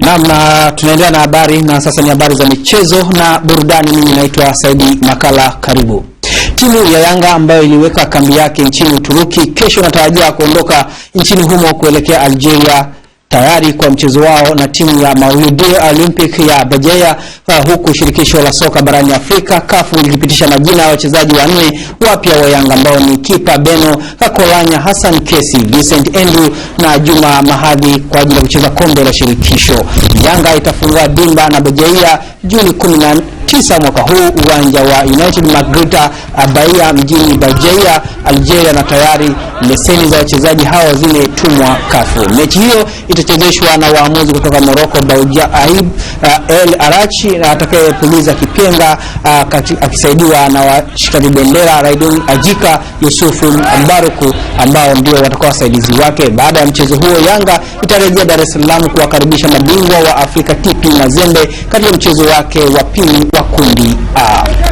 Naam, na tunaendelea na habari na sasa ni habari za michezo na burudani. Mimi naitwa Saidi Makala, karibu. Timu ya Yanga ambayo iliweka kambi yake nchini Uturuki kesho inatarajia kuondoka nchini humo kuelekea Algeria tayari kwa mchezo wao na timu ya Maulidi Olympic ya Bejaia, uh, huku shirikisho la soka barani Afrika kafu likipitisha majina ya wachezaji wanne wapya wa Yanga ambao ni kipa Beno kakolanya uh, Hassan Kesi, Vincent Andrew na Juma Mahadhi kwa ajili ya kucheza kombe la shirikisho. Yanga itafungua dimba na Bejaia Juni 10 tisa mwaka huu uwanja wa United Magrita abaia mjini Bajaia, Algeria, na tayari leseni za wachezaji hao zimetumwa kafu. Mechi hiyo itachezeshwa na waamuzi kutoka Morocco, Boudia Aib uh, El Arachi na atakayepuliza kipenga uh, akisaidiwa na washikaji bendera Raidun Ajika, Yusufu Mbaruku ambao ndio watakuwa wasaidizi wake. Baada ya mchezo huo, Yanga itarejea Dar es Salaam kuwakaribisha mabingwa wa Afrika TP Mazembe katika mchezo wake wa pili wa kundi A.